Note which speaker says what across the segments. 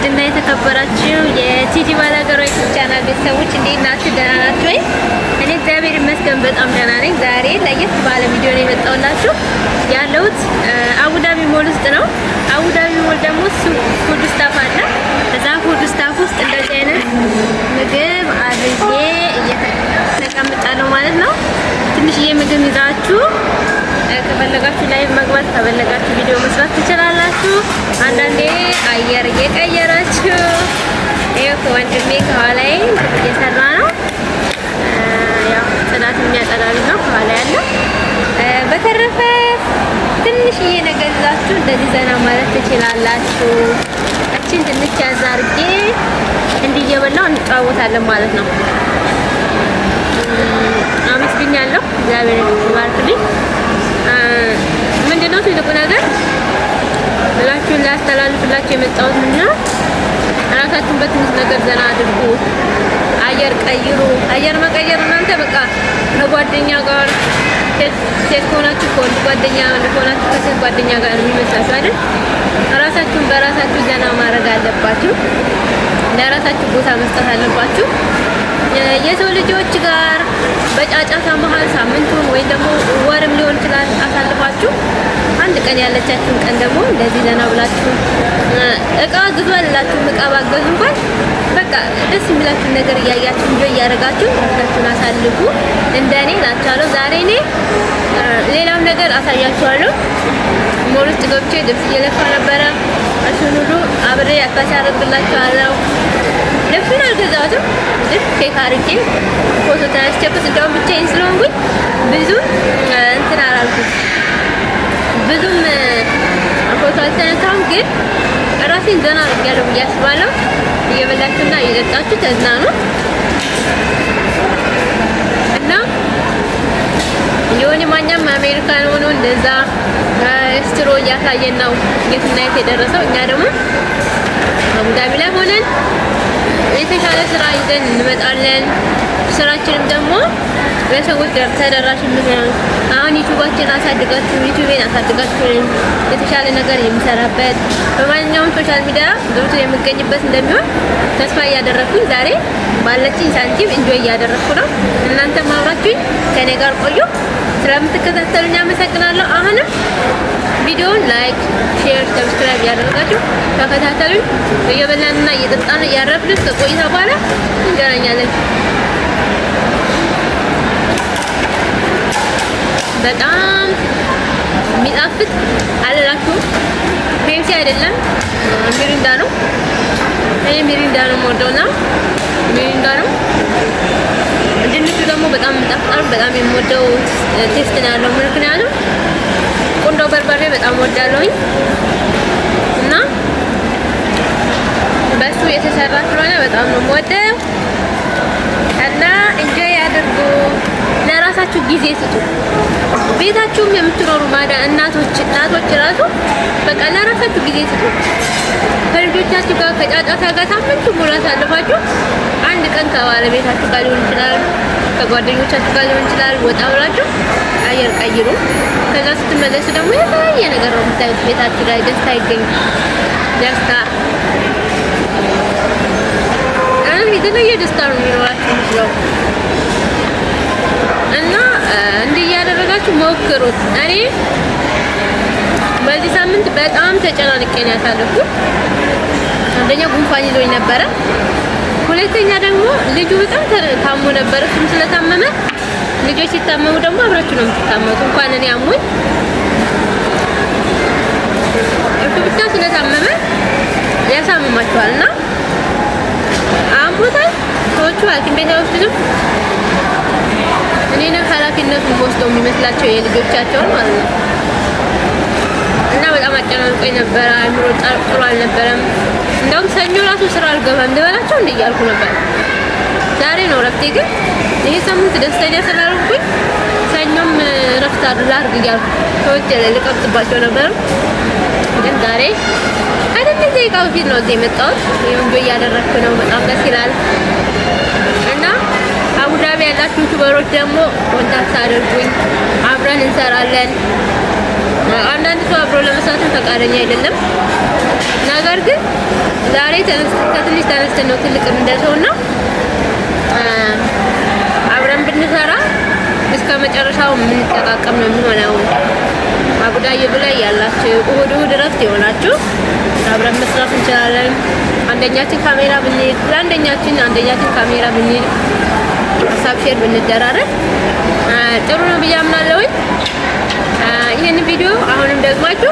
Speaker 1: ውድና የተከበራችሁ የቲጂ ባላገሩ ቻናል ቤተሰቦች እንዴት ናችሁ? ደህና ናችሁ ወይ? እኔ እግዚአብሔር ይመስገን በጣም ደህና ነኝ። ዛሬ ለየት ባለ ቪዲዮ ነው የመጣሁላችሁ። ያለሁት አቡዳቢ ሞል ውስጥ ነው። አቡዳቢ ሞል ደግሞ ፉድ ስታፍ አለ። እዛ ፉድ ስታፍ ውስጥ እንደዚህ ከፈለጋችሁ ላይቭ መግባት ከፈለጋችሁ ቪዲዮ መስራት ትችላላችሁ። አንዳንዴ አየር እየቀየራችሁ ይኸው ከወንድሜ ከኋላዬ እየሰራ ነው። ያው ጽዳት የሚያጠዳ ልጅ ነው ከኋላ ያለው። በተረፈ ትንሽዬ ነገር ይዛችሁ እንደዚህ ዘና ማለት ትችላላችሁ። እችን ትንሽ ያዝ አድርጌ እንዲህ እንጫወታለን ማለት ነው። ከወንድ ጓደኛ ልሆናችሁ ከሴት ጓደኛ ጋር የሚመቻችሁ አይደል? ራሳችሁን በራሳችሁ ዘና ማድረግ አለባችሁ። ለራሳችሁ ቦታ መስጠት አለባችሁ። የሰው ልጆች ጋር በጫጫታ መሀል ሳምንቱን ወይም ደግሞ ወርም ሊሆን ይችላል አሳልፋችሁ አንድ ቀን ያለቻችሁን ቀን ደግሞ እንደዚህ ዘና ብላችሁ እቃ ግዙ አላችሁም። እቃ ባገዙ እንኳን በቃ ደስ የሚላችሁን ነገር እያያችሁ እንጆ እያደረጋችሁ ራሳችሁን አሳልፉ። እንደኔ ናቻለሁ። ዛሬ እኔ ሌላም ነገር አሳያችኋለሁ። ሞል ውስጥ ገብቼ ልብስ እየለፋ ነበረ። እሱን ሁሉ አብሬ ያታሳረብላችኋለሁ። ልብሱን አልገዛሁትም። ልብስ ቼክ አድርጌ ፎቶ ተነስቼበት እንደውም ብቻዬን ስለሆንኩኝ ብዙ እንትን አላልኩም። ብዙም ፎቶ አልተነሳሁም፣ ግን ራሴን ዘና አድርጌያለሁ ብዬ አስባለሁ። እየበላችሁና እየጠጣችሁ ተዝናኑ እና የሆነ ማኛም አሜሪካን ሆኖ እንደዛ ስትሮ እያሳየን ነው የትና የት የደረሰው። እኛ ደግሞ አቡዳቢ ላይ ሆነን የተሻለ ስራ ይዘን እንመጣለን። ስራችንም ደግሞ በሰዎች ጋር ተደራሽ እንሆን። አሁን ዩቱባችን አሳድጋችሁ ዩቲዩቤን አሳድጋችሁ የተሻለ ነገር የሚሰራበት በማንኛውም ሶሻል ሚዲያ ገብቶ የሚገኝበት እንደሚሆን ተስፋ እያደረግኩኝ ዛሬ ባለችኝ ሳንቲም እንጆ እያደረግኩ ነው። እናንተም አብራችሁኝ ከኔ ጋር ቆዩ። ስለምትከታተሉኝ አመሰግናለሁ። አሁንም ቪዲዮውን ላይክ፣ ሼር፣ ሰብስክራይብ ያደረጋችሁ ተከታተሉኝ። እየበላንና እየጠጣን ያረፍን ከቆይታ በኋላ እንገናኛለን። በጣም የሚጣፍጥ አለላችሁም። ፔፕሲ አይደለም ሚሪንዳ ነው። እኔ ሚሪንዳ ነው የምወደውና ሚሪንዳ ነው። ድንቹ ደግሞ በጣም የሚጣፍጥ በጣም የምወደው ቴስት ነው ያለው። ምክንያቱም ቁንዶ በርበሬ በጣም ወዳለሁኝ። ጊዜ ከልጆቻችሁ ጋር ከጫጫታ ጋር ሳምንቱን ሙሉ አሳልፋችሁ አንድ ቀን ከባለቤታችሁ ጋር ሊሆን ይችላል፣ ከጓደኞቻችሁ ጋር ሊሆን ይችላል። ወጣ ብላችሁ አየር ቀይሩ። ከዛ ስትመለሱ ደግሞ የተለያየ ነገር ነው የምታዩት። ቤታችሁ ላይ ደስታ ይገኛል። ደስታ የተለየ ደስታ ነው የሚኖራችሁ የሚችለው እና እንዲህ እያደረጋችሁ ሞክሩት እኔ ሳምንት በጣም ተጨናንቄ ነው ያሳለፍኩት። አንደኛ ጉንፋን ይዞኝ ነበረ። ሁለተኛ ደግሞ ልጁ በጣም ታሞ ነበር። እሱም ስለታመመ ልጆች ሲታመሙ ደግሞ አብራችሁ ነው የምትታመሙት። እንኳን እኔ አሞኝ እሱ ብቻ ስለታመመ ያሳምማችኋል እና አሞታል። ሰዎቹ ሐኪም ቤት አይወስድም። እኔ ነው ኃላፊነቱን ወስደው የሚመስላቸው የልጆቻቸውን ማለት ነው። በጣም አጨናንቆ ነበረ። አይምሮ ጥሩ አልነበረም። እንደውም ሰኞ ራሱ ስራ አልገባም ልበላቸው እንደ እያልኩ ነበር። ዛሬ ነው ረፍቴ፣ ግን ይሄ ሳምንት ደስተኛ ስላልኩኝ ሰኞም ረፍት ላድርግ እያልኩ ሰዎች ልቀብጥባቸው ነበር። ግን ዛሬ ከትንሽ ደቂቃ በፊት ነው እዚህ የመጣሁት። ይሁንጆ እያደረግኩ ነው። በጣም ደስ ይላል። እና አቡዳቢ ያላችሁ ዩቱበሮች ደግሞ ኮንታክት አድርጉኝ፣ አብረን እንሰራለን። አንዳንድ ሰው አብሮ ፈቃደኛ አይደለም። ነገር ግን ዛሬ ከትንሽ ተነስተን ነው ትልቅ የምንደርሰው እና አብረን ብንሰራ እስከ መጨረሻው የምንጠቃቀም ነው የሚሆነው። አቡዳዬ ብላይ ያላችሁ እሁድ እሁድ እረፍት የሆናችሁ አብረን መስራት እንችላለን። አንደኛችን ካሜራ ብንሄድ ለአንደኛችን አንደኛችን ካሜራ ብንሄድ ሀሳብ ሼር ብንደራረግ ጥሩ ነው ብዬ አምናለሁኝ። ይህን ቪዲዮ አሁንም ደግማችሁ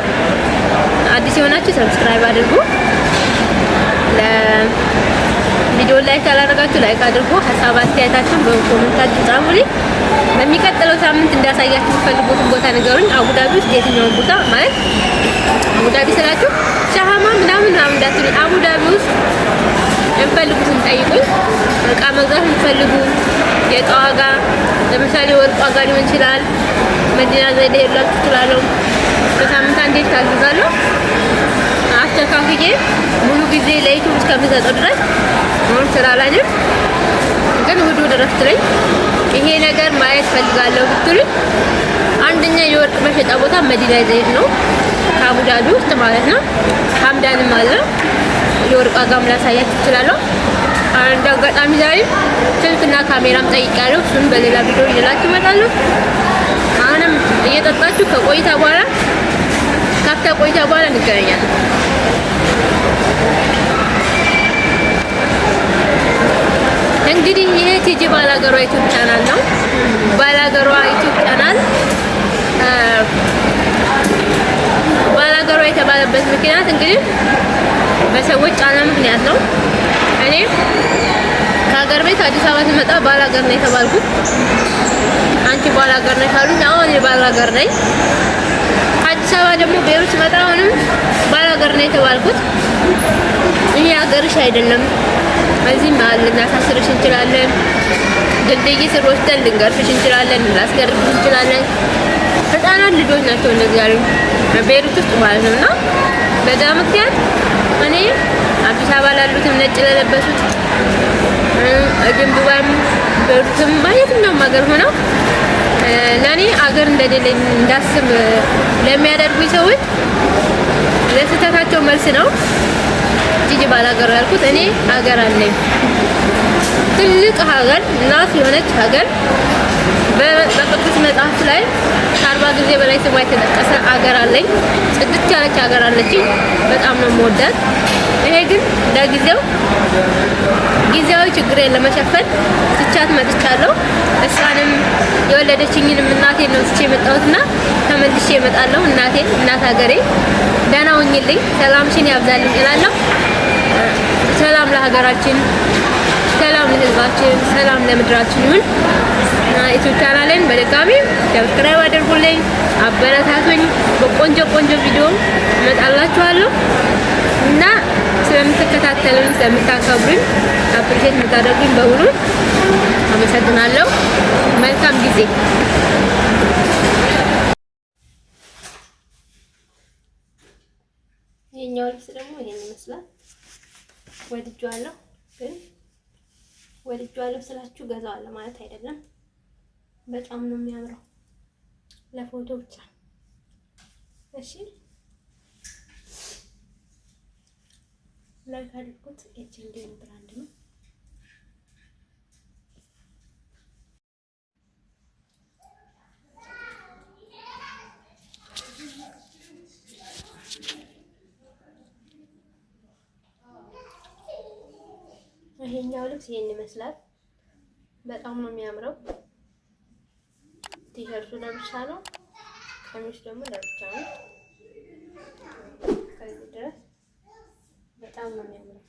Speaker 1: አዲስ የሆናችሁ ሰብስክራይብ አድርጉ። ቪዲዮ ላይክ ያላደረጋችሁ ላይክ አድርጉ። ሀሳብ አስተያየታችሁን በኮሜንታችሁ ጻፉልኝ። በሚቀጥለው ሳምንት እንዳሳያችሁ የምትፈልጉትን ቦታ ነገሩኝ። አቡዳቢ ውስጥ የትኛውን ቦታ ማለት አቡዳቢ ስላችሁ ሻሃማ ምናምን ምናምን እንዳትሉኝ። አቡዳቢ ውስጥ የምፈልጉትን ጠይቁኝ። እቃ መግዛት የምትፈልጉ የእቃ ዋጋ ለምሳሌ ወርቅ ዋጋ ሊሆን ይችላል። መዲና ዘይ ሄላችሁ ትችላለሁ። በሳምንት አንዴ ታግዛለሁ አስተካክዬ ሙሉ ጊዜ ለዩቱብ እስከምሰጠው ድረስ ሙሉ ስራ ላይ ነኝ፣ ግን ውዱ ድረፍት ነኝ። ይሄ ነገር ማየት ፈልጋለሁ ብትሉኝ አንደኛ የወርቅ መሸጫ ቦታ መዲና ዘይት ነው፣ ከአቡዳቢ ውስጥ ማለት ነው። ሀምዳንም አለ የወርቅ ዋጋም ላሳያችሁ እችላለሁ። አንድ አጋጣሚ ዛሬ ስልክና ካሜራም ጠይቄያለሁ። እሱም በሌላ ቪዲዮ ይዤላችሁ እመጣለሁ። አሁንም እየጠጣችሁ ከቆይታ በኋላ ካፍታ ቆይታ በኋላ እንገናኛለን። እንግዲህ ይሄ ቲጂ ባላገሯ ዩቲዩብ ቻናል ነው። ባላገሯ ዩቲዩብ ቻናል ባላገሯ የተባለበት ምክንያት እንግዲህ በሰዎች ጫና ምክንያት ነው እኔ ሀገር ቤት አዲስ አበባ ስመጣ ባል ሀገር ነኝ የተባልኩት አንቺ ባል ሀገር ነኝ ካሉኝ አሁን እኔ ባል ሀገር ነኝ። አዲስ አበባ ደግሞ ቤሩት ስመጣ አሁንም ባል ሀገር ነኝ የተባልኩት ይሄ ሀገርሽ አይደለም። እዚህ መሀል ልናሳስርሽ እንችላለን። ድልድይ ስር ወስደን ልንገርፍሽ እንችላለን፣ ልናስገርፍሽ እንችላለን። ህፃናት ልጆች ናቸው እንደዚህ ያሉ ቤሩት ውስጥ ማለት ነው። እና በዛ ምክንያት እኔ አዲስ አበባ ላሉትም ነጭ ለለበሱት ግን ዱባይም ቤሩትም በየትኛውም ሀገር ሆነው ለእኔ አገር እንደሌለኝ እንዳስብ ለሚያደርጉኝ ሰዎች ለስህተታቸው መልስ ነው። ጂጂ ባላገር ያልኩት እኔ ሀገር አለኝ። ትልቅ ሀገር እናት የሆነች ሀገር በቅዱስ መጽሐፍ ላይ ከአርባ ጊዜ በላይ ስሟ የተጠቀሰ ሀገር አለኝ። ጽድት ያለች ሀገር አለችኝ። በጣም ነው የምወዳት። ይሄ ግን ለጊዜው ጊዜያዊ ችግሬን ለመሸፈን ትቻት መጥቻለሁ። እሷንም የወለደችኝንም እናቴን ነው ትቼ የመጣሁትና ተመልሼ እመጣለሁ። እናቴን እናት ሀገሬ ደህና ሁኝልኝ፣ ሰላምሽን ያብዛልኝ እላለሁ። ሰላም ለሀገራችን፣ ሰላም ለህዝባችን ሰላም ለምድራችን ይሁን። ኢትዮጵያናለን በድጋሚ ሰብስክራይብ አድርጉልኝ፣ አበረታቱኝ። በቆንጆ ቆንጆ ቪዲዮ እመጣላችኋለሁ እና ስለምትከታተሉኝ፣ ስለምታከብሩኝ፣ አፕሪሼት የምታደርጉኝ በሙሉ አመሰግናለሁ። መልካም ጊዜ የኛው ልብስ ደግሞ ይሄን ይመስላል። ወድጄዋለሁ፣ ግን ወድጄዋለሁ ስላችሁ ገዛዋለሁ ማለት አይደለም። በጣም ነው የሚያምረው ለፎቶ ብቻ እሺ። ላይክ አድርጉት። ኤች ኤንድ ኤም ብራንድ ነው። ይሄኛው ልብስ ይሄን ይመስላል። በጣም ነው የሚያምረው። ቲሸርቱ ለብቻ ነው፣ ቀሚሱ ደግሞ ለብቻ ነው። 但我没有。